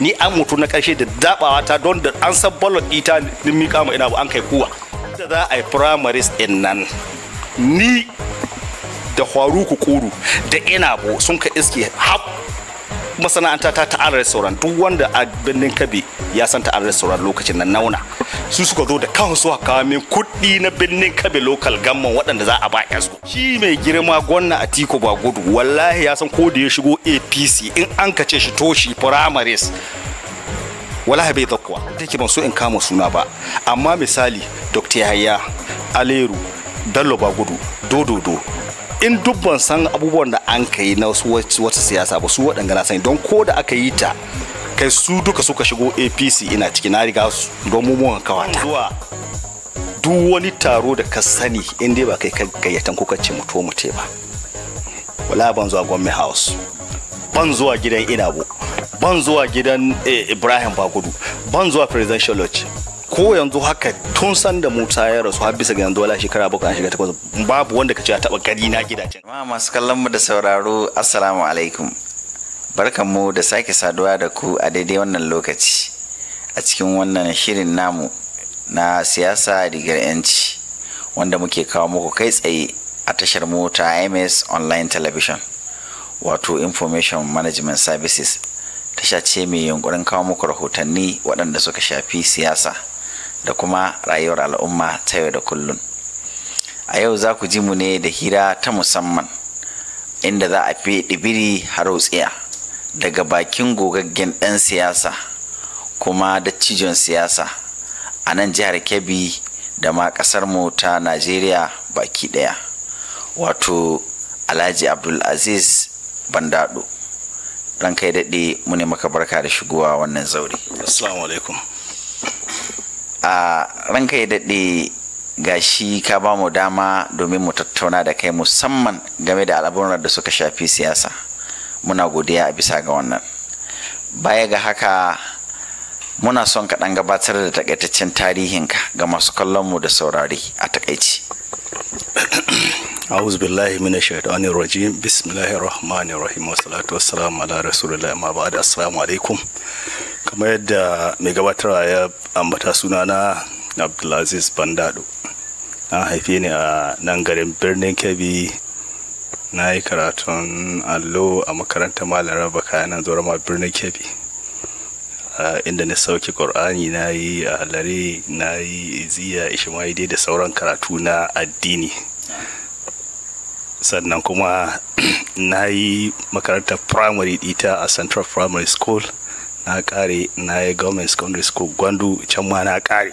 ni an mutu na karshe da zabawa ta don da an san ballot ita din mika mu ina an kai kuwa da za a yi primaries din nan ni da faruku kuru da inabo sun ka iske masana'anta ta ta'ar restaurant duk wanda a birnin kabi ya san ta'ar restaurant lokacin nan nauna su suka zo da kansu su kawo kuɗi na birnin kabi local gamman waɗanda za a ba yanzu shi mai girma gwamna a tiko ba gudu wallahi ya san ko da ya shigo apc in an kace shi toshi primaries wallahi bai zakuwa take ban so in kama suna ba amma misali dr yahaya aleru dallo ba gudu dododo in duk ban san abubuwan da an ka yi na wata siyasa ba su waɗanda na sani don ko da aka yi ta kai su duka suka shigo apc ina ciki na riga su don mummuwan kawata zuwa duk wani taro da ka sani in dai ba kai ka gayyatan ko kace mutu mute ba wala ban zuwa gwamnati house ban zuwa gidan inabo ban zuwa gidan eh, ibrahim bagudu ban zuwa presidential lodge ko yanzu haka tun san da Musa ya rasu har bisa ga yanzu wala shekara bakwai an shiga takwas babu wanda ka ce ya taba gani na gidajen. Ma masu kallon mu da sauraro assalamu alaikum. mu da sake saduwa da ku a daidai wannan lokaci a cikin wannan shirin namu na siyasa rigar yanci wanda muke kawo muku kai tsaye a tashar mota MS online television wato information management services tasha ce mai yunkurin kawo muku rahotanni waɗanda suka shafi siyasa. da kuma rayuwar al'umma ta yau da kullun a yau za ku ji mu ne da hira ta musamman inda za a fi ɗibiri harotsiya daga bakin gogaggen ɗan siyasa kuma dattijon siyasa a nan jihar kebbi da ma ƙasarmu ta najeriya baki ɗaya wato alhaji abdulaziz bandado ranka kai daɗe mu ne maka barka da shigowa wannan zaure assalamu alaikum a ranka ya daɗe gashi ka ba mu dama domin mu tattauna da kai musamman game da al'amuran da suka shafi siyasa muna godiya a bisa ga wannan baya ga haka muna son ka ɗan gabatar da takaitaccen ka ga masu kallon mu da saurari a takaici أعوذ بالله من الشيطان الرجيم بسم الله الرحمن الرحيم والصلاة والسلام على رسول الله ما بعد السلام عليكم kamar yadda mai gabatarwa ya ambata sunana abdulaziz bandado an haife ni a nan garin birnin kebbi na yi karatun allo a makarantar malam raba kayanan zorama birnin kebbi inda na sauke ƙur'ani na yi a lare na yi iziya ishimaide da sauran karatu na addini sannan kuma na yi makarantar primary dita a central primary school na kare na yi government secondary school gwandu can ma na kare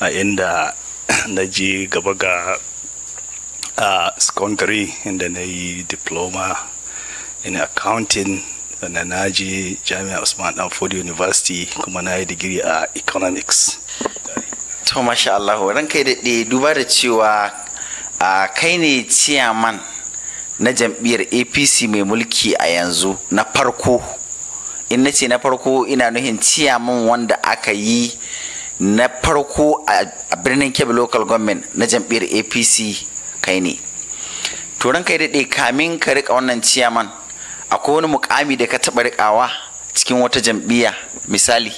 a inda na je gaba ga a secondary inda na yi diploma in accounting sannan na je jami'a usman danford university kuma na yi digiri a economics to masha Allah ranka daɗe duba da cewa kai ne ciyaman na jam'iyyar apc mai mulki a yanzu na farko in na ce na farko ina nuhin ciyaman wanda aka yi na farko a birnin kebbi local government na jam'iyyar apc kai ne turan kai daɗe kamin ka rika wannan ciyaman akwai wani mukami da ka taɓa rikawa cikin wata jam'iyya misali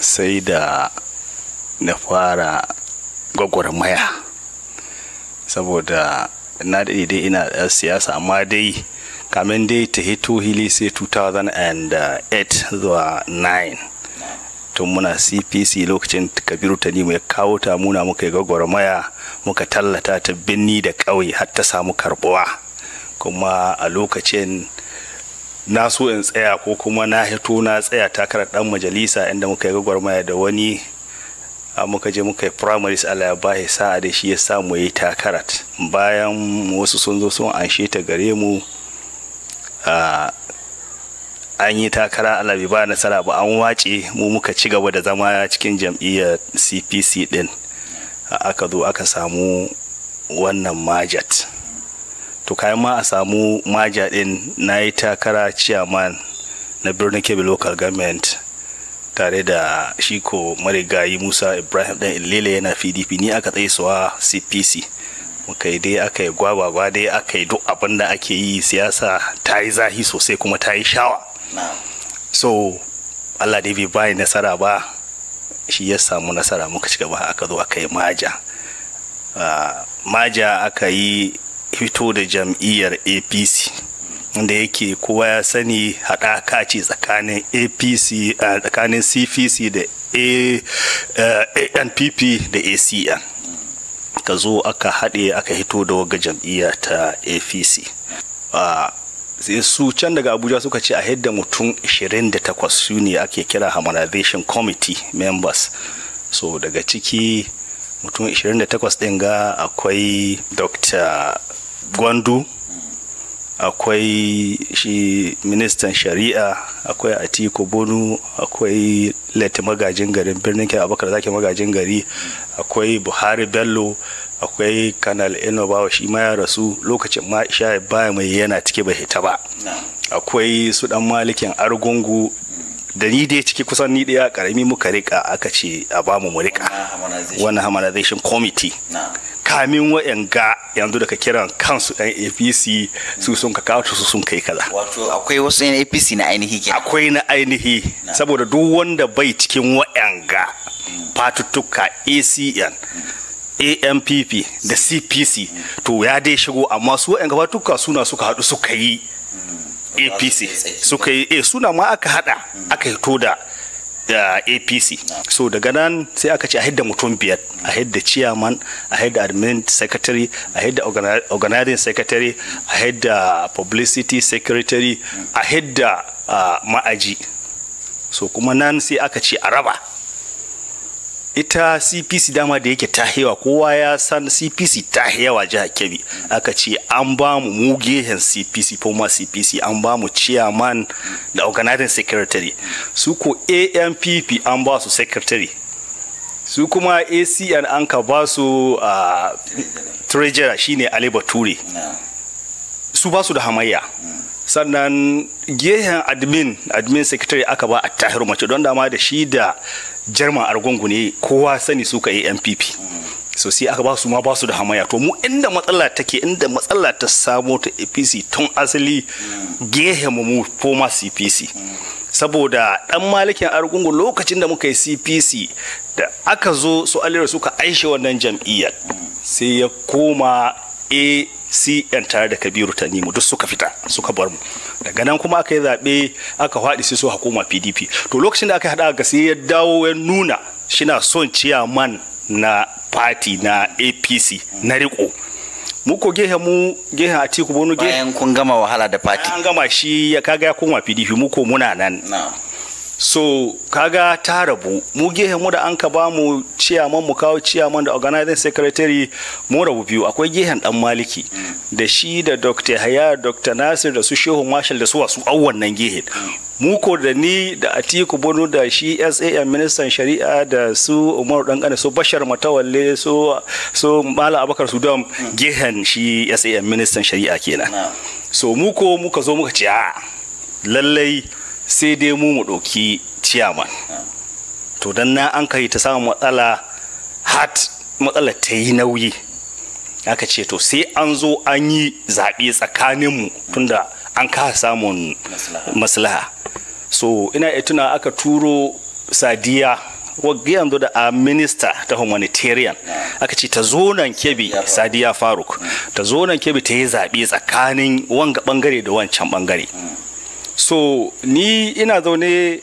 sai da na fara gwagwarmaya saboda na daidai ina siyasa amma dai kamin dai ta hito hili sai 2008 zuwa 9 tun muna cpc lokacin kabiru ta nemo ya kawo ta muna muka yi gwagwarmaya muka tallata ta binni da ƙauye har ta samu karbuwa kuma a lokacin na so in tsaya ko kuma na hito na tsaya takarar dan majalisa inda muka yi gwagwarmaya da wani a muka je muka yi primaries a bahi sa'a da shi ya samu yi takarat bayan wasu sun zo sun anshe ta gare mu Ah, an yi takara alabi ba nasara ba an wace mu muka ci gaba da zama cikin jam'iyyar cpc din ah, aka zo aka samu wannan majat to kayan ma a samu maja din na yi takara chairman na birnin kebbi local government tare da shiko marigayi musa ibrahim ɗan ilele yana pdp ni aka tsaye suwa cpc muka yi dai aka yi gwagwagwa dai aka yi duk abin da ake yi siyasa ta yi zahi sosai kuma ta yi shawa so allah da bai bayi nasara ba shi ya samu nasara muka ci gaba aka zo aka yi maja ah, maja aka yi fito da jam'iyyar apc wanda yake kowa ya sani haɗaka ce tsakanin apc ah, tsakanin cpc da anpp eh, da acn ka zo aka haɗe aka hito da waga jam'iyya ta apc su can daga abuja suka ce a yadda mutum 28 su ne ake kira harmonization committee members so daga ciki mutum 28 ɗin ga akwai dr gwandu akwai shi ministan shari'a akwai atiku bunu akwai lati magajin garin birnin ke abakar zaki magajin gari akwai buhari bello akwai kanal inobawa shi ma ya rasu lokacin ma isha baya mai yana cike bai hita ba akwai su dan malikin argungu da ni dai ciki kusan ni daya karami muka rika aka ce a bamu mu rika wannan harmonization committee kamin wa'yanga yanzu daga kiran kansu yan apc su sun ka kawo su sun kai kaza wato akwai wasu yan apc na ainihi kenan akwai na ainihi saboda duk wanda bai cikin ga fatuttuka acn ampp da cpc to ya dai shigo amma su wa'yanga fatuttuka suna suka haɗu suka yi hmm. apc suka yi suna ma aka haɗa aka hito da da apc so daga nan sai aka ce a hidda mutum biyar a hidda chairman a hidda admin secretary a hidda organizing secretary a hidda publicity secretary a hidda ah, ma'aji so kuma nan sai aka ce a raba ita cpc dama da yake ta hewa kowa ya san cpc ta hewa jihar kebbi aka ce an ba mu mu gehen cpc former cpc an ba mu chairman da organizing secretary su ko ampp an ba su secretary su kuma acn an ka ba su uh, treasurer shine ali bature su ba su da hamayya sannan gehen admin admin secretary aka ba a tahiru mace don dama da shi da jarma argungu ne kowa sani suka yi npp so sai aka ba su ma ba su da hamaya to mu inda matsala take inda matsala ta samo ta apc tun asali gehe mu foma cpc saboda dan malikin argungu lokacin da muka yi cpc da aka zo su alira suka aishe wannan jam'iyyar sai ya koma acn tare da kabiru ta nimu duk suka fita suka bar mu daga nan kuma aka yi zaɓe aka faɗi sai so hukuma pdp to lokacin da aka haɗa ga sai ya dawo ya nuna shina son ciyaman na party na apc na riko mu ko gehe mu gehe a tiku bonu gehe bayan kun gama wahala da party an gama shi ya kaga ya koma pdp mu ko muna nan no. so kaga ta rabu mu gehen mu da an ka ba mu ciyaman mu kawo ciyaman da organizing secretary mu rabu biyu akwai gehen dan maliki da shi da dr haya dr nasir da su shehu marshal da su wasu awon wannan gehen mu ko da ni da atiku bono da shi sam ministan shari'a da su umar dan dangane su bashar matawalle su su mala abakar sudan gehen shi sam ministan shari'a kenan so mu ko muka zo muka ce a lallai sai dai mu mu ɗauki ciyaman to don na an kai ta samun matsala hat matsala ta yi nauyi aka ce to sai an zo an yi zaɓe tsakaninmu tunda an kasa samun maslaha so ina tuna aka turo sadiya wagga yanzu da a minista ta humanitarian aka ce ta zo nan kebi sadiya faruk mm. ta zo nan kebi ta yi zaɓe tsakanin wanga ɓangare da wancan ɓangare mm. so ni ina zaune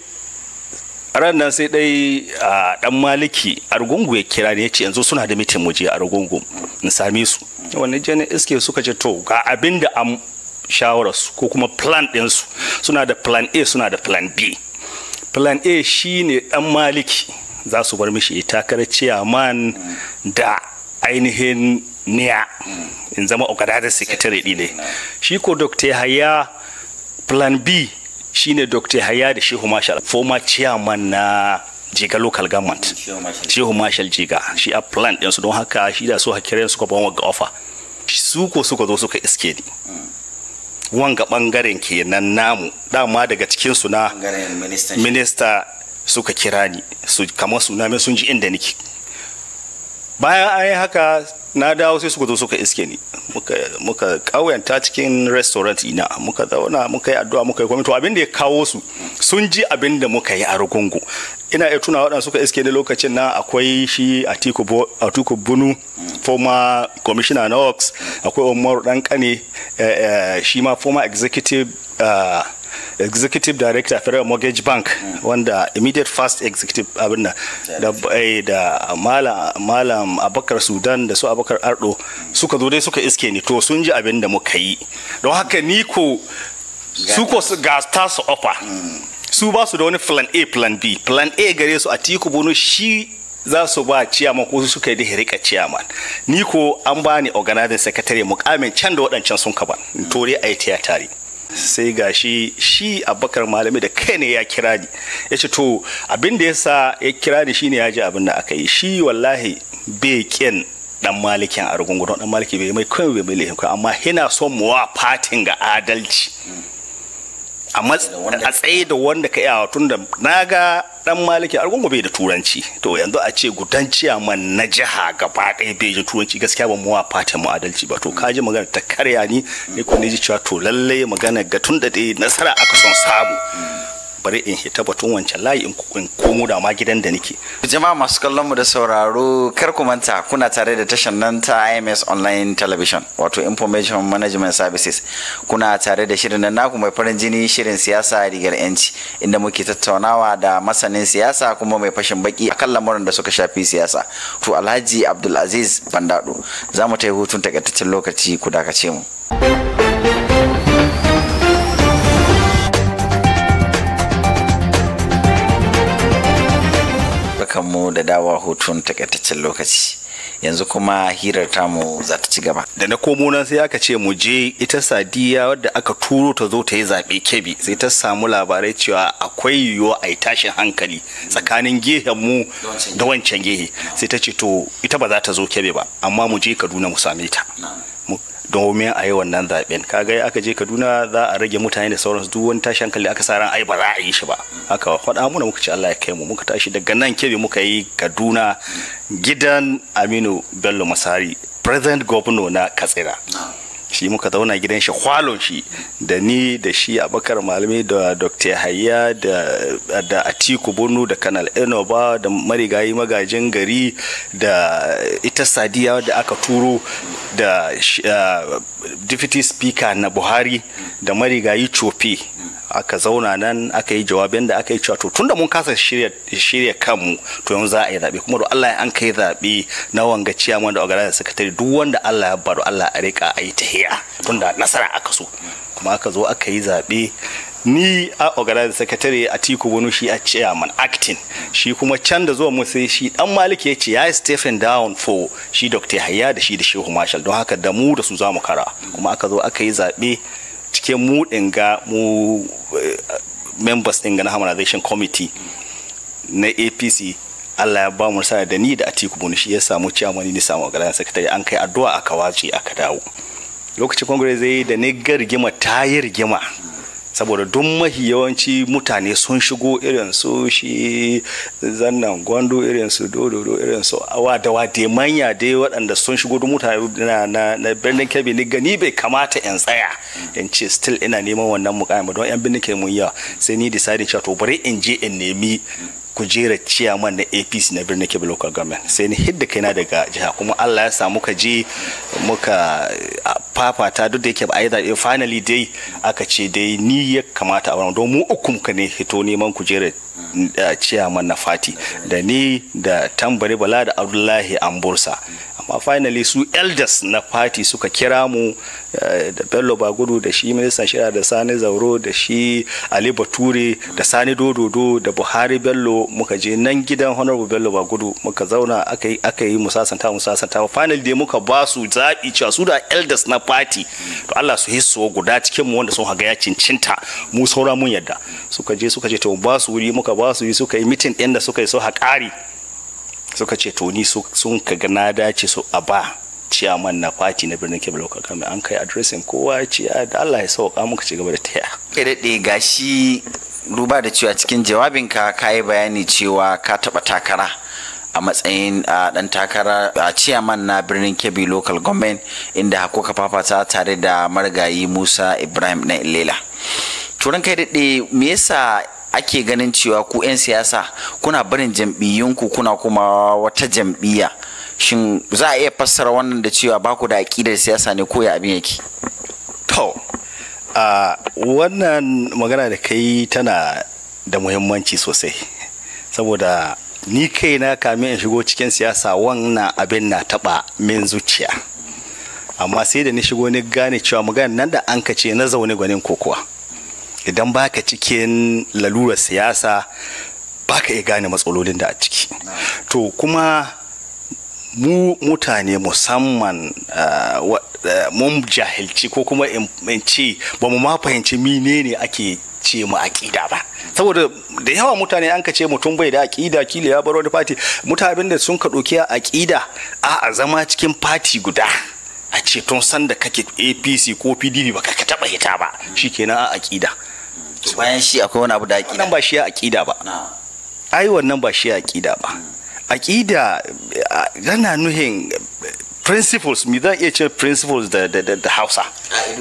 ran nan sai dai a dan maliki argungu ya kira ne ya yanzu suna da mitin muje a argungu in same su wani jani iske suka ce to ga abin da an shawararsu ko kuma plan ɗinsu suna da plan a suna da plan b plan a shi ne dan maliki za su bar mishi takarar ciyaman da ainihin niya in zama okada da secretary ne shi ko dr haya plan b shine dr haya da shehu marshal former chairman na jiga local government shehu marshal jiga shi a plan din su don haka shi da su hakirin suka ban wa ga su ko suka zo suka iske ni wanga bangaren kenan namu dama daga cikin su na minista suka kira ni su kamar su sun ji inda nake bayan an yi haka na dawo sai suka zo suka iske ni muka ƙauyanta cikin restaurant ina muka zauna muka yi addu'a muka yi komai to abin da ya kawo su sun ji abin da muka yi a rugungu ina iya tuna waɗanda suka iske ni lokacin na akwai shi atiku bunu former commissioner na ox akwai umaru ɗan ƙane eh, eh, shi ma former executive ah, executive director federal mortgage bank wanda immediate first executive abin da eh, da malam abakar sudan da su abakar ardo suka zo dai suka iske ni to sun ji abin da muka yi don haka ni ko su ko ga ta su offer su ba su da wani plan a plan b plan a gare su a tiku bono shi za su ba ciyaman ko su suka yi da rika ciyaman ni ko an bani organizing secretary mukamin can da waɗancan sun ka ba tore a yi tare sai ga shi shi abakar malami da kai ne ya kira ni ya ce to abin da ya sa ya kira ni shine ya ji abin da aka yi shi wallahi bai dan malikin a dan maliki bai mai kawai bai mai lehin kai amma yana son mu wa fatin ga adalci a matsayi da wanda ka iya tun da na ga dan maliki argungu bai da turanci to yanzu a ce gudan ciyaman na jiha gaba ɗaya bai da turanci gaskiya ba mu fata mu adalci ba to kaji magana ta karya ni ne ko ne ji cewa to lalle magana ga tun da nasara aka son samu bari in hita batun wancan layi in komo da ma gidan da nake. jama'a masu kallon mu da sauraro kar ku manta kuna tare da tashar nan ta IMS online television wato information management services kuna tare da shirin nan naku mai farin jini shirin siyasa rigar yanci inda muke tattaunawa da masanin siyasa kuma mai fashin baki akan lamuran da suka shafi siyasa to Alhaji Abdulaziz Bandado za mu ta hutun takaitaccen lokaci ku dakace mu. barkanmu da dawa hutun takaitaccen lokaci yanzu kuma hirar tamu za ta ci gaba da na komo nan sai aka ce mu je ita sadiya wadda aka turo ta zo ta yi zaɓe kebi sai ta samu labarai cewa akwai yiwuwa a yi tashin hankali tsakanin gehen mu da wancan gehe sai ta ce to ita ba za ta zo kebe ba amma mu je kaduna mu same ta domin a yi wannan zaben kaga aka je kaduna za a rage mutane da sauransu duk wani tashi hankali aka sa ran ai ba za a yi shi ba haka faɗa muna muka ci Allah ya kai mu muka tashi daga nan kebe muka yi kaduna gidan aminu bello masari present governor na katsina shi muka zauna gidan shi kwalon shi da ni da shi abakar malami da dr hayya da atiku bunu da kanal enoba da marigayi magajin gari da ita sadiya da aka turo da eh, deputy speaker na buhari da marigayi cofe aka zauna nan aka yi jawabin da aka yi cewa tun da mun kasa shirya kanmu to yanzu za a yi zaɓe kuma da Allah ya an kai zaɓe na wanga ciyaman da ogara da sakatari duk wanda Allah ya baro Allah a rika a yi ta kuri'a tunda nasara aka so kuma aka zo aka yi zaɓe ni a organizing secretary a tiku wani shi a chairman acting shi kuma can da zuwa sai shi dan maliki ya ce ya yi stephen down for shi dr hayya da shi da shehu marshall don haka da mu da su za kara kuma aka zo aka yi zaɓe cikin mu ga mu eh, members ɗin ga na harmonization committee na apc allah ya ba mu da ni da atiku bunu shi ya samu chairman ni samu organizing sakatare an kai addu'a aka wace aka dawo lokacin congress zai yi da ni ga rigima ta yi rigima saboda duk mahi yawanci mutane sun shigo irin su shi zannan gwando irin su dododo irin su awa da wade manya dai waɗanda sun shigo duk mutane na na birnin kebe ni gani bai kamata in tsaya in ce still ina neman wannan ba don yan birnin kebbi mun sai ni decide cewa to bari in je in nemi kujera ciyaman na apc na birnin kebbi local government sai ni hidda kaina daga jiha kuma allah ya samu ka je muka fafata duk da yake ba a yi zaɓe finally dai aka ce dai ni ya kamata a wani don mu uku ka ne hito neman kujerar ciyaman na fati da ni da tambari bala da abdullahi ambursa amma finally su elders na fati suka kira mu Eh, da bello bagudu da shi minista shira da sani zauro da shi ali bature da sani dododo da buhari bello muka je nan gidan honorable bello bagudu muka zauna aka yi musasanta musasanta final dai muka ba su zaɓi cewa su da elders na party to allah su hisso guda cikin mu wanda sun haga ya cincinta mu saura mun yadda suka je suka ce to ba su wuri muka ba su yi suka yi meeting din da suka yi so haƙari suka ce to ni sun kaga na dace su a ba ciyaman na fati na birnin kebbi local kame an kai adresin kowa ce da allah ya sauka muka ci gaba da taya kai daɗe gashi duba da cewa cikin jawabinka ka yi bayani cewa ka taɓa takara a matsayin ɗan takara a ciyaman na birnin kebbi local government inda hakuka fafata tare da marigayi musa ibrahim na ilela turan kai daɗe me yasa ake ganin cewa ku 'yan siyasa kuna barin jam'iyyunku kuna kuma wata jam'iyya shin za a iya fassara wannan da cewa baku da aƙidar siyasa ne ko ya abin yake to a wannan magana da kai tana da muhimmanci sosai saboda ni kai na kamin in shigo cikin siyasa wannan abin na taɓa min zuciya amma sai da ni shigo ni gane cewa magana nan da an ce na zaune gwanin kokowa idan baka cikin lalurar siyasa baka iya gane matsalolin da a ciki to kuma mu mutane musamman uh, uh, mun jahilci ko kuma in ce ba mu ma fahimci ne ake ce mu aƙida ba saboda da yawa mutane an ka ce mutum bai da aƙida kila ya bar wani fati mutanen da sun ka a aƙida a zama cikin fati guda a ce tun sanda kake apc ko pdp ba ka taɓa hita ba shikenan a aƙida bayan shi akwai wani abu da aƙida ba shi ya aƙida ba ai wannan ba shi ya aƙida ba aƙida yana eh, nuhin principles mi zan iya ce principles da Hausa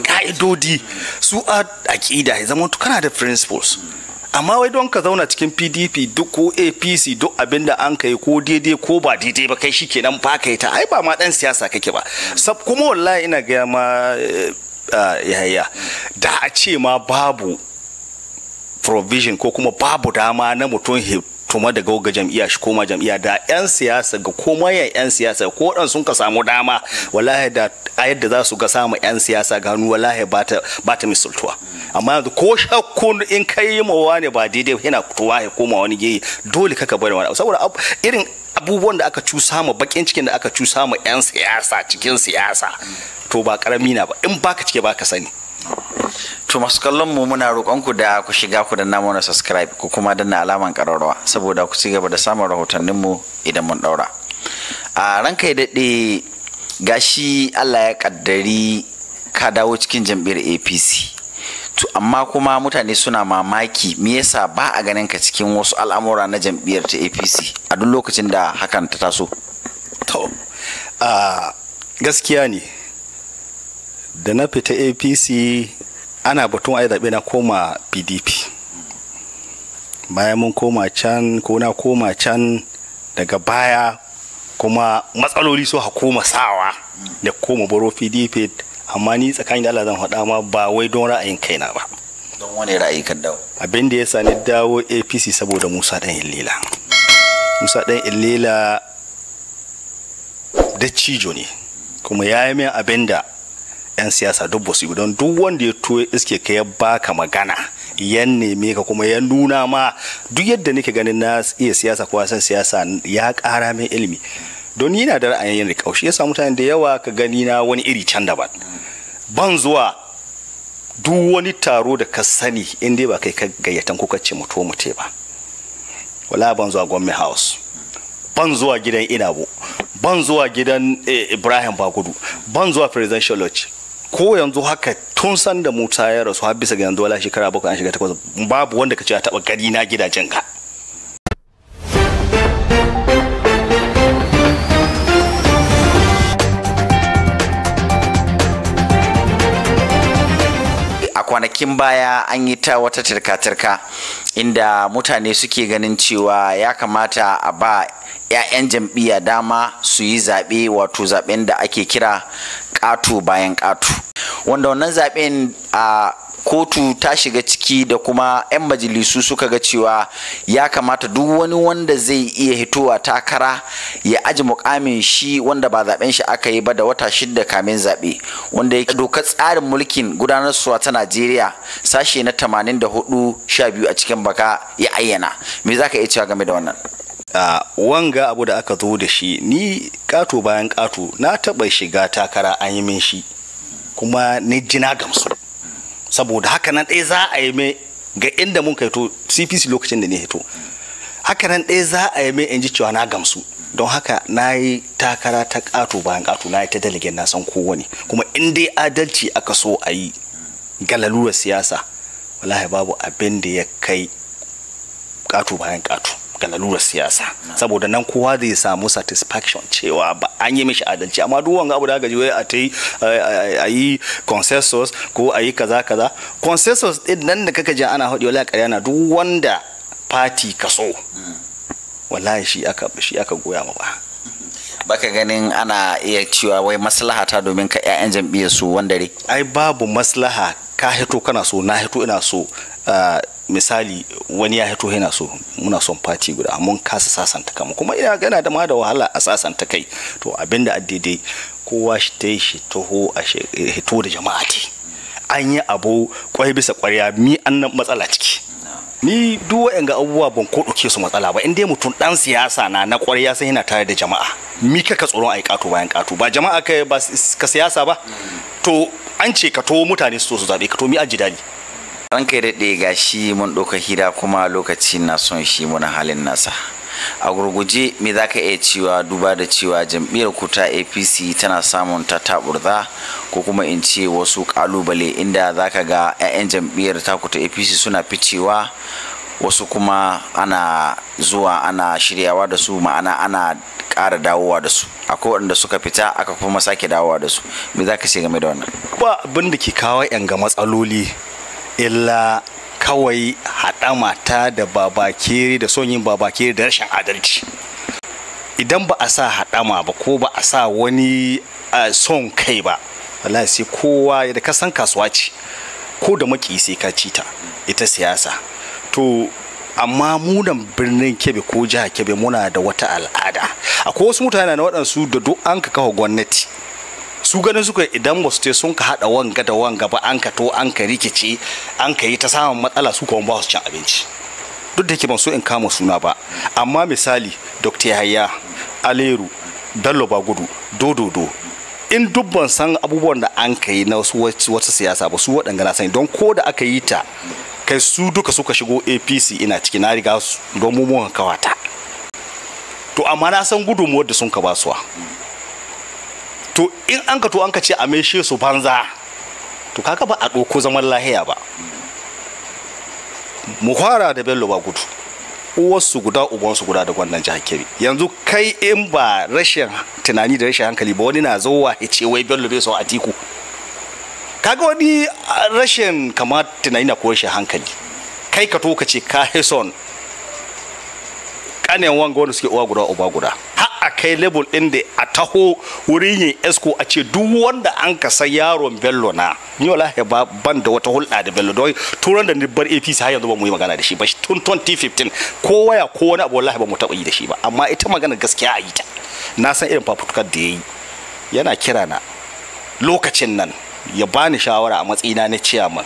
ka'idodi su a aƙida ya zama kana da principles amma wai don ka zauna cikin pdp duk ko apc duk abinda an kai ko daidai ko ba daidai ba kai shikenan ba kai ta ai ba ma dan siyasa kake ba sab kuma wallahi ina gaya ma eh, ah, yaya da a ce ma babu provision ko kuma babu dama na mutum kuma daga ga jam'iyya shi koma jam'iyya da yan siyasa ga koma yan yan siyasa ko dan sun ka samu dama wallahi da yadda za su ga samu yan siyasa hannu wallahi ba ta ba misultuwa amma yanzu ko shakkun in kai mawa ne ba daidai yana fitowa ya koma wani gehe dole kaka bari wani saboda irin abubuwan da aka cusa ma bakin cikin da aka cusa ma yan siyasa cikin siyasa to ba karami na ba in baka cike baka sani to masu kallon mu muna roƙonku da ku shiga ku da namu na subscribe ku kuma danna alaman ƙararrawa saboda ku ci gaba da samun rahotannin mu idan mun ɗaura. a ranka ya daɗe gashi Allah ya ƙaddari ka dawo cikin jam'iyyar APC to amma kuma mutane suna mamaki me yasa ba a ganin ka cikin wasu al'amura na jam'iyyar ta APC a duk lokacin da hakan ta taso to gaskiya ne da na fita apc ana batun a zaɓe na koma pdp bayan mun koma can ko na koma can daga baya kuma matsaloli su hakuma sawa da koma baro pdp amma ni tsakanin da Allah zan faɗa ma ba wai don ra'ayin kaina ba don wani ra'ayi kan dawo abin da ya sani dawo apc saboda musa dan illila musa dan illila da cijo ne kuma ya yi min abin da 'yan siyasa duk ba su yi don duk wanda ya tuwo iske ka ya baka magana ya neme ka kuma ya nuna ma duk yadda nake ganin na iya siyasa ko san siyasa ya kara min ilimi don ni na da ra'ayin yin kaushe shi yasa mutane da yawa ka gani na wani iri can daban ban zuwa duk wani taro da ka sani in dai ba kai ka gayyatan ko ka ce mutu mutu ba wala ban zuwa gwamnati house ban zuwa gidan inabo ban zuwa gidan eh, ibrahim bagudu ban zuwa presidential lodge ko yanzu haka tun san da Musa ya rasu har bisa ga yanzu wala shekara bakwai an shiga takwas babu wanda ka ce a taba gari na gidajen ka a kwanakin baya an yi ta wata tirka-tirka inda mutane suke ganin cewa ya kamata a ba 'ya'yan jam'iyya dama su yi zaɓe wato zaɓen da ake kira katu bayan katu wanda wannan zaɓen a kotu ta shiga ciki da kuma 'yan majalisu suka ga cewa ya kamata duk wani wanda zai iya hitowa takara ya aji mukamin shi wanda ba zaben shi aka yi ba da wata shida kamin zaɓe wanda ya dokar tsarin mulkin gudanarsuwa ta najeriya sashe na 84 sha biyu a cikin baka ya ayyana me za ka iya cewa game da wannan a wanga abu da aka zo da shi ni kato bayan kato na taɓa shiga takara an yi min shi kuma ni ji gamsu saboda haka nan ɗaya za a yi mai ga inda mun kai to cpc lokacin da ni hito haka nan ɗaya za a yi mai in ji cewa na gamsu don haka na yi takara ta kato bayan kato na yi ta dalilin na san kowane kuma in dai adalci aka so a yi ga lalurar siyasa wallahi babu abin da ya kai kato bayan kato. ga lalurar siyasa saboda nan kowa zai samu satisfaction cewa ba an yi mishi adalci amma duk wanga abu da gaji wai a ta yi consensus ko ayi kaza kaza consensus din nan da kaka ji ana haɗi wala ƙarya na duk wanda fati kaso wallahi shi aka shi aka goya ma ba baka ganin ana iya cewa wai maslaha ta domin ka 'ya'yan jam'iyyar su wandare ai babu maslaha ka hito kana so na hito ina so ah, misali wani ya hito yana so muna son fati guda mun kasa sasanta kama kuma ina gana da ma da wahala a sasanta kai to abinda a daidai kowa shi ta shi taho a eh, hito da jama'a te an yi abu kwai bisa kwarya mi annan matsala ciki ni duk wa'yan ga abubuwa ban ko ɗauke su matsala ba in dai mutum dan siyasa na na kwarya sai yana tare da jama'a mi kaka tsoron yi ƙato bayan ƙato ba jama'a ka siyasa ba to an ce ka to mutane su so su zaɓe ka to mi a jidali ranka ya daɗe ga shi mun ɗauka hira kuma lokaci na son shi muna halin nasa a gurguje me za ka iya cewa duba da cewa jam'iyyar kuta apc tana samun ta taburza ko kuma in ce wasu kalubale inda za ka ga 'ya'yan jam'iyyar ta kuta apc suna ficewa wasu kuma ana zuwa ana shiryawa da su ma'ana ana ƙara dawowa da su akwai waɗanda suka fita aka kuma sake dawowa da su me za ka ce game da wannan ba abin da ke kawo 'yan ga matsaloli illa kawai haɗama ta da babakere da son yin babakere da rashin adalci idan ba a sa haɗama ba ko ba a sa wani son kai ba wallahi sai kowa da ka san kasuwa ce ko da maki sai ka ci ta ita siyasa to amma munan birnin kebe ko jiha kebe muna da wata al'ada akwai wasu mutane na waɗansu da duk an ka kawo gwamnati su ganin suka idan ba su te sun ka hada wanga da wanga ba an ka to an ka rikici an ka yi ta samun matsala su kuma ba su cin abinci duk da ke ban so in kama suna ba amma misali dr yahaya aleru ba gudu dododo in dubban san abubuwan da an ka yi na wata siyasa ba su waɗanga na sani don ko da aka yi ta kai su duka suka shigo apc ina ciki na riga su don mummuwan kawata to amma na san gudunmuwar da sun ka basuwa to in an ka to an ka ce a maishe su banza to kaga ba a ɗauko zaman lahiya ba mu fara da bello ba gudu uwarsu guda ubansu guda da wannan jihar kebbi yanzu kai in ba rashin tunani da rashin hankali ba wani na zowa ya ce wai bello bai so a tiku kaga wani rashin kamar tunani na kuwa rashin hankali kai ka to ka ce ka hison kanen wanga wanda suke uwa guda uba guda ha a kai level ɗin da a taho wurin yin esco a ce duk wanda an ka san yaron bello na ni wallahi ba ban da wata hulɗa da bello don turan da ni bar apc har yanzu ba mu yi magana da shi ba tun 2015 ko waya ko wani abu wallahi ba mu taɓa yi da shi ba amma ita magana gaskiya a yi ta na san irin fafutukar da ya yi yana kira na lokacin nan ya bani shawara a matsayina na ciyaman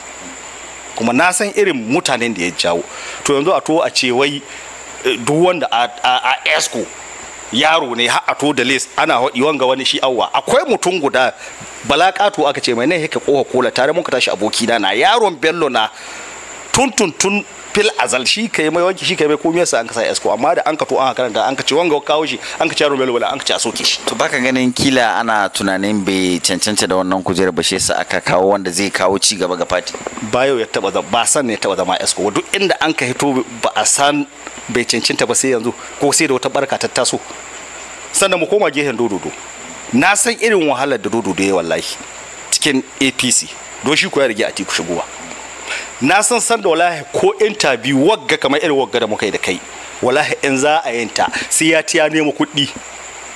kuma na san irin mutanen da ya jawo to yanzu a to a ce wai eh, duk wanda a esco yaro ne har a to da les ana haɗi wanga wani shi awwa akwai mutum guda balakatu aka ce mai ne yake kofa kola tare mun ka tashi aboki na yaron bello na tun tun tun fil azal shi kai mai wanki shi kai mai komai sa an ka sa esko amma da an ka to an ka karanta an ka ce wanga kawo shi an ka ce yaro wala an ka ce a soke shi to baka ganin kila ana tunanin bai cancanta da wannan kujerar ba shi yasa aka kawo wanda zai kawo ci gaba ga fati bayo ya taba ba san ne ya taba zama esko duk inda an ka hito ba a san bai cancanta ba sai yanzu ko sai da wata barka ta taso sannan mu koma gehen dododo na san irin wahalar da dododo ya wallahi cikin apc don shi ko ya rige a tiku shigowa na san san da wallahi ko interview wagga kamar irin wagga da muka yi da kai wallahi in za a yanta sai ya tiya nemo kuɗi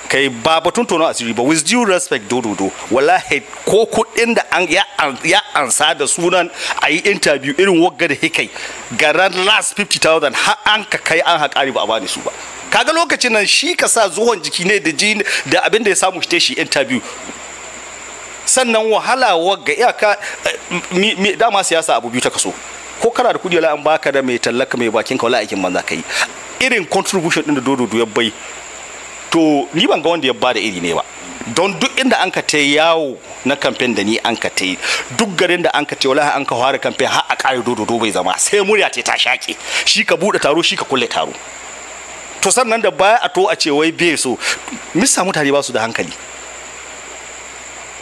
kai ba batun tono asiri ba with due respect do do wallahi ko kuɗin da an ya ansa da sunan a yi interview irin wagga da hikai garan last 50,000 har an ka kai an haƙari ba a bani su ba kaga lokacin nan shi ka sa zuwan jiki ne da jini da abin da ya samu shi interview sannan wahala wagga iyaka eh, dama siyasa abu biyu ta kaso ko kana da kudi wala an baka da mai tallaka mai bakin ka wala aikin banza kai irin contribution din da dodo ya bai to ni ban ga wanda ya bada iri ne ba don duk inda an ka ta yawo na kamfen da ni an ka ta duk garin da an ka ta wallahi an ka fara kamfen har a ƙare dodo do bai zama sai murya ta ta shaki shi ka buɗe taro shi ka kulle taro to sannan da baya a to a ce wai bai so misa mutane ba su da hankali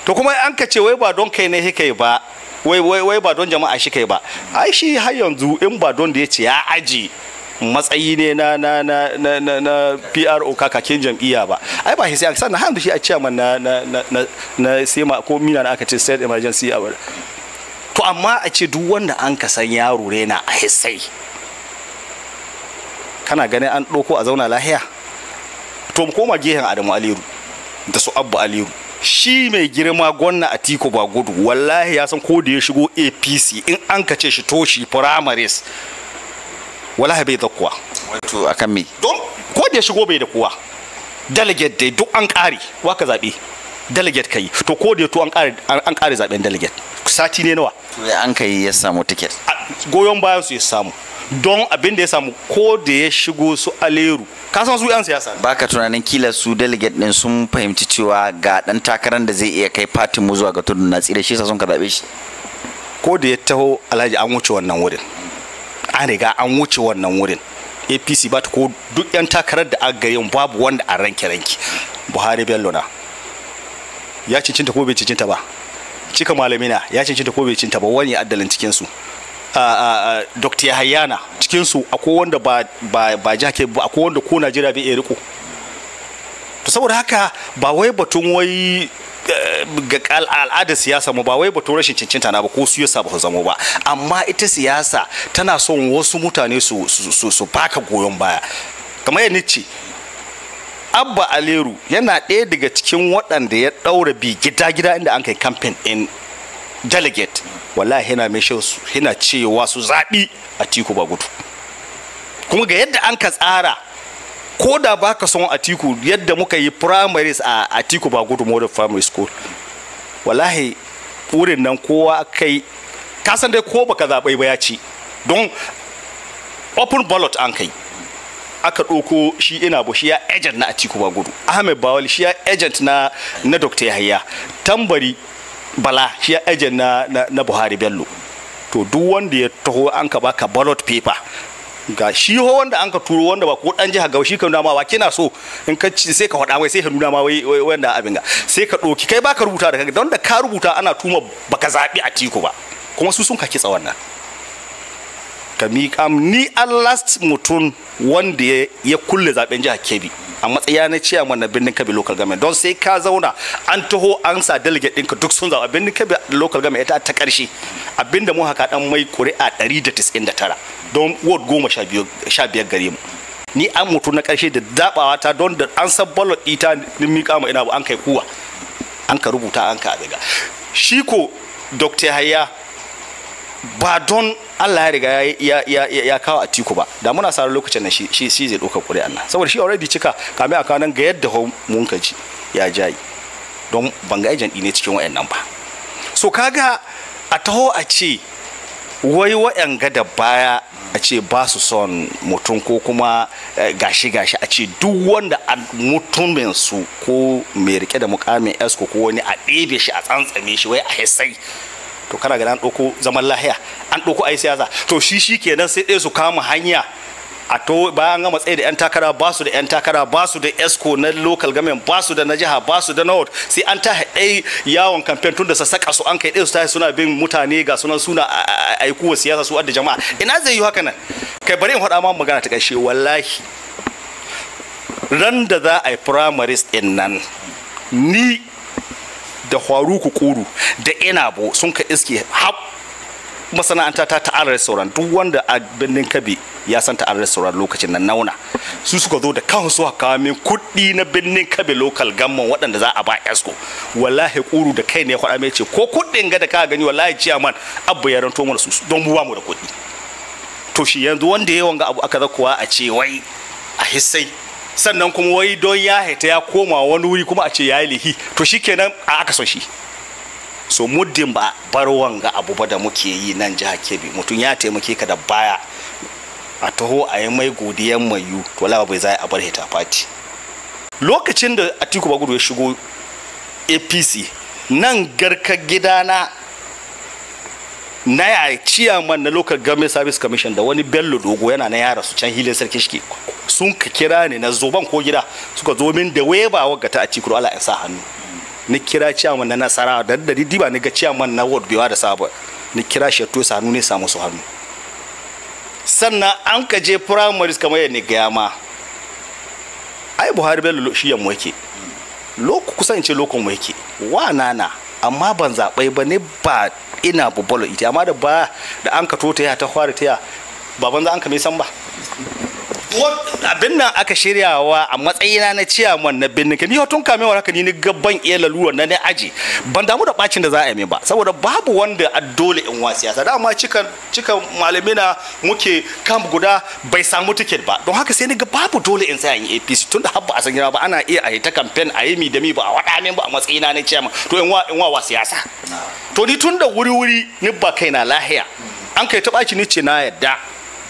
to kuma an ka ce wai ba don kai ne kai ba wai wai wai ba don jama'a shi kai ba ai shi har yanzu in ba don da ya ce ya aji matsayi ne na na na na na, na PRO kakakin jam'iyya ba ai ba sai sanna har yanzu shi a chairman na na na na sema ko mina na aka ce state emergency hour to amma a ce duk wanda an ka san yaro rena a sai kana ganin an ɗauko a zauna lahiya to mu koma gehen adamu aliru da su abba aliru shi mai girma gwamna a tiko ba gudu wallahi ya san ko da ya shigo apc in an ka ce shi toshi primaries wallahi bai da kuwa wato akan me don ko da ya shigo bai da kuwa delegate dai duk an kare wa ka zabe delegate kai to ko da ya to an kare an kare zaben delegate sati ne nawa to an kai ya samu ticket goyon bayan su ya samu don abin da ya samu ko da ya shigo su aleru ka san su yan siyasa ba ka tunanin kila su delegate din sun fahimci cewa ga dan takarar da zai iya kai fatin mu zuwa ga tudun na tsira shi sa sun ka zabe shi ko da ya taho alhaji an wuce wannan wurin an riga an wuce wannan wurin apc ba ta ko duk yan takarar da aka yin babu wanda a ranke ranke buhari bello na ya cincinta ko bai cincinta ba cika malamina ya cincinta ko bai cincinta ba wani ya addalin cikin su dr yahayana cikinsu akwai wanda ba jake ba akwai wanda ko najeriya bai iya riko to saboda haka ba wai batun wai eh, ga al'adar siyasa mu ba wai batun rashin cincinta na ba ko su yasa ba su zamo ba amma ita siyasa tana son wasu mutane su baka goyon baya kamar ya ce abba aleru yana ɗaya daga cikin waɗanda ya ɗaura bi gida gida inda an kai kamfen ɗin delegate wallahi yana mai yana cewa su zaɓi a tiku ba gudu kuma ga yadda an ka tsara ko da ba ka son tiku yadda muka yi primaries a tiku ba gudu modern primary school wallahi wurin nan kowa kai kasan dai ko baka zaɓai ba ya ce don open ballot an kai aka ɗauko shi ina bu shi ya agent na a tiku ba gudu ahmed bawal shi ya agent na na dr yahaya tambari bala shi ya ajiye na, na, na buhari bello to duk wanda ya taho an ka baka ballot paper ga shi ho wanda an ka turo wanda ba ko dan jiha ga shi ka nuna ma wa kina so in ka ci sai ka faɗa wai sai ka nuna ma wai wanda abin ga sai ka ɗauki kai baka rubuta da don da ka rubuta ana tuma baka zaɓi a tiku ba kuma su sun ka kitsa wannan ka miƙa ni an last mutum wanda ya kulle zaben jihar kebbi a matsaya na ciya wannan birnin kebbi local government don sai ka zauna an taho an sa delegate ɗinka duk sun zaɓa birnin kebbi local government ita ta ƙarshe abinda mu haka dan mai ƙuri'a 199 don ward goma sha biyar gare mu ni an mutu na ƙarshe da zaɓawa ta don da an san ballot ita ni miƙa ma ina ba an kai kuwa an ka rubuta an ka abega. shi ko dr hayya ba don Allah ya riga ya kawo a tiku ba da muna sa lokacin na shi shi zai doka ƙuri'an nan saboda shi already cika kame a kanan ga yadda mun ka ya jayi don ban ga ajan ne cikin wayannan ba so kaga a taho a ce wai wayan ga da baya a ce ba su son mutum ko kuma eh, gashi gashi a ce duk wanda a mutumin su ko mai rike da mukamin esko ko wani a ɗebe shi a tsantsame shi wai a hisai to kana gani an ɗauko zaman lahiya an ɗauko ayi siyasa to shi shi kenan sai ɗaya su kama hanya a to bayan gama tsaye da yan takara ba su da yan takara ba su da esco na local government ba su da na jiha ba su da north sai an ta haɗe yawon kamfen tun da sassaƙa su an kai ɗaya su ta suna bin mutane ga sunan suna wa siyasa su adda jama'a ina zai yi haka nan kai bari in faɗa ma magana ta ƙarshe wallahi ran da za a yi primaries ɗin nan ni da Faruku Kuru da bo sun ka iske har masana'anta ta ta'ar restaurant duk wanda a birnin Kabe ya san ta'ar restaurant lokacin nan nauna su suka zo da kansu su haka min kuɗi na birnin kabi local gamman waɗanda za a ba Esko wallahi Kuru da kai ne ya faɗa mai ce ko kuɗin ga da ka gani wallahi man abu ya ranto mana su don mu ba mu da kuɗi to shi yanzu wanda ya wanga abu aka zakuwa a ce wai a hissai sannan kuma wai don ya haita ya koma wani wuri kuma a ce ya yi lihi to shikenan a aka so shi so muddin ba bar wanga abu ba da muke yi nan jihar kebi mutum ya taimake ka da baya a taho a yi mai godiyan mayu to wala bai zai a bar hita fati lokacin da atiku bagudu ya shigo apc nan garka gidana na ya ciyaman na local government service commission da wani bello dogo yana na yara su can hilin sarki shi sun ka kira ne na zoban ko gida suka zo min da weba wagga ta a cikuru allah ya sa hannu ni kira ciyaman na nasara da da diba ni ga ciyaman na ward biwa da sabo ni kira shi to sanu ne samu su hannu sannan an ka je primaries kamar ni ga ma ai buhari bello shi ya muke loku kusan ce lokon mu yake wa nana amma ban zabai ba ne ba ina bubbalo ita amma da ba da an ka tota ya ta fara ta ya baban za an ka mai san ba abin nan aka shiryawa a matsayina na ciyaman na birnin ni tun kamewar haka ni ni gaban iya laluwa na ne aji ban damu da bacin da za a yi min ba saboda babu wanda a dole in wa siyasa dama cikan cikan malami na muke kam guda bai samu ticket ba don haka sai ni ga babu dole in sai in APC tunda habba a san ba ana iya a yi ta campaign a yi mi da mi ba a wada min ba a matsayina na ciyaman to in wa in wa siyasa to ni tun da wuri wuri ni ba kaina lahiya an kai ta baci ni ce na yadda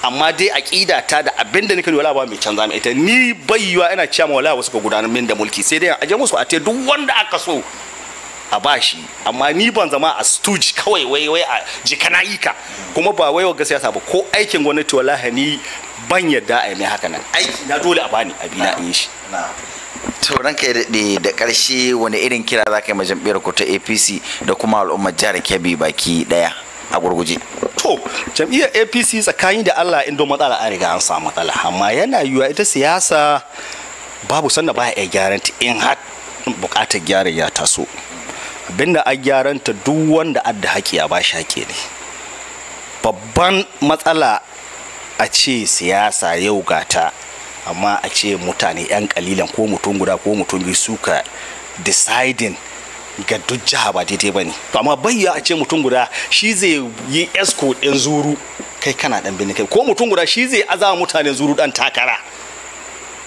amma dai aqida ta da abinda nika wala ba mai canza mai ita ni bayyuwa ina cewa wala wasu ka gudanar min da mulki sai dai aje musu a te duk wanda aka so a bashi amma ni ban zama a stooge kawai wai wai a jikana'ika kuma ba wai ga siyasa ba ko aikin gwamnati wallahi ni ban yadda a yi mai haka nan aiki na dole a bani abina in yi shi to ranka daɗe da karshe wani irin kira za ka yi majam'iyyar ku ta apc da kuma al'ummar jihar kebbi baki ɗaya a gurguje to jam'iyyar apc tsakani da allah in don matsala an riga an samu matsala amma yana yiwuwa ita siyasa babu sanda baya iya gyaran ta in har bukatar gyara ya taso abinda a gyaran ta duk wanda adda haƙi a ba shi haƙi ne babban matsala a ce siyasa yau gata amma a ce mutane 'yan kalilan ko mutum guda ko mutum biyu suka deciding ga duk jiha ba daidai ba ne to amma bayya a ce mutum guda shi zai yi esco ɗin zuru kai kana ɗan bin kai ko mutum guda shi zai azama mutane zuru ɗan takara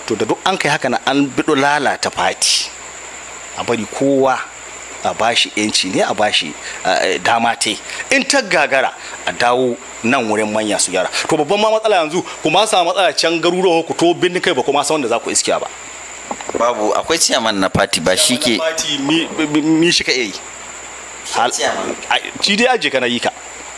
to da duk an kai haka na an biɗo lalata fati a bari kowa a bashi yanci ne a bashi dama te in ta gagara a dawo nan wurin manya su gyara to babban ma matsala yanzu kuma sa matsala can garuruwa ku to bin kai ba kuma san wanda za ku iskiya ba babu akwai ciyaman na fati ba shi ke mi shi ka yi shi dai aje kana yi ka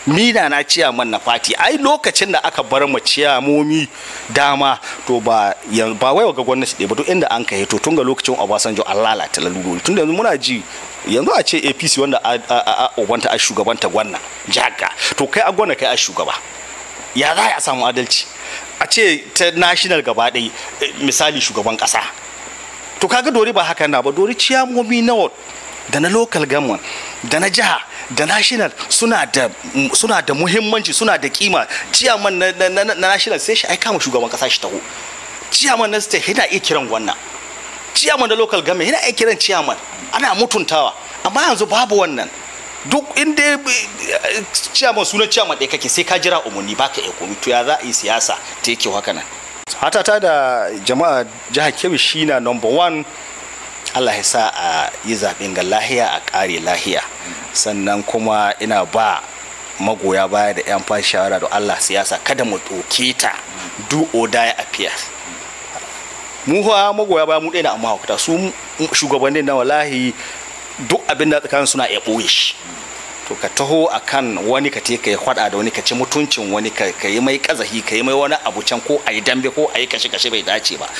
Mi na na ciyaman na fati ai lokacin da aka bar mu ciyamomi dama to ba ba wai ga gwamnati ɗaya ba to inda an kai to tun ga lokacin Obasanjo an lalata lalurori tun da muna ji yanzu a ce APC wanda a obanta a shugabanta gwanna jaga to kai a gwanna kai a shugaba ya za a samu adalci a ce ta national gaba ɗaya misali shugaban ƙasa to kaga dori ba haka na ba dori ciyamomi na da na local government da na jiha da national suna da suna da muhimmanci suna da kima ciyaman na, na national sai shi aika kama shugaban kasa shi taho ciyaman na state yana iya kiran wannan ciyaman da local government yana iya kiran ciyaman ana mutuntawa amma yanzu babu wannan duk inda eh, ciyaman sunan ciyaman ɗaya kake sai ka jira umarni baka iya komi to ya za a yi siyasa ta yake haka nan Hata hatata da jama'a jihar kebbi shi na number one allah ya sa a yi zaɓen ga lahiya a ƙare lahiya sannan kuma ina ba magoya baya da 'yan fashi shawara da allah siyasa kada mu ɗauke ta do or die appear mu fa magoya baya mu ɗaya na amma su shugabannin na wallahi duk abin da tsakanin suna ya ɓoye shi to ka taho a kan wani ka te ka yi hwada da wani ka ci mutuncin wani ka yi mai kazahi ka yi mai wani abu can ko a yi dambe ko a yi kashe kashe bai dace ba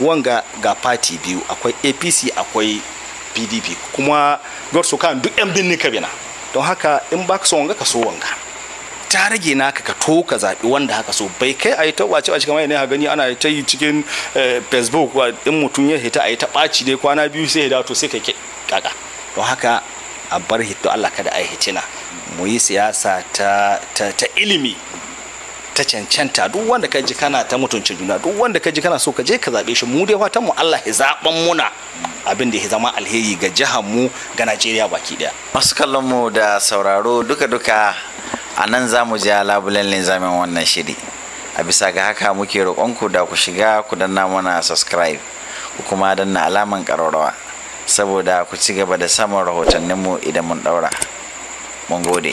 wanga ga fati biyu akwai apc akwai pdp kuma gorsu kan duk yan binni ka bina don haka in ba ka so wanga ka so wanga ta rage naka ka to ka zaɓi wanda haka so bai kai a yi ta wace wace kamar yana gani ana ta yi cikin eh, facebook in mutum ya hita a yi ta ɓaci dai kwana biyu sai ya dato sai ka kaka don haka a bar hito Allah kada a hicina mu yi siyasa ta, ta, ta ilimi ta cancanta duk wanda ka ji kana ta mutuncin juna duk wanda ka ji kana so ka je ka zaɓe shi mu dai fatan mu Allah ya zaɓan muna abin da ya zama alheri ga jihar mu ga Najeriya baki daya. Masu kallon mu da sauraro duka-duka a nan za mu ja labulen linzamin wannan shiri. A bisa ga haka muke roƙonku da ku shiga ku danna mana subscribe ku kuma danna alaman ƙararrawa. saboda ku ci gaba da samun rahotanninmu idan mun ɗaura mun gode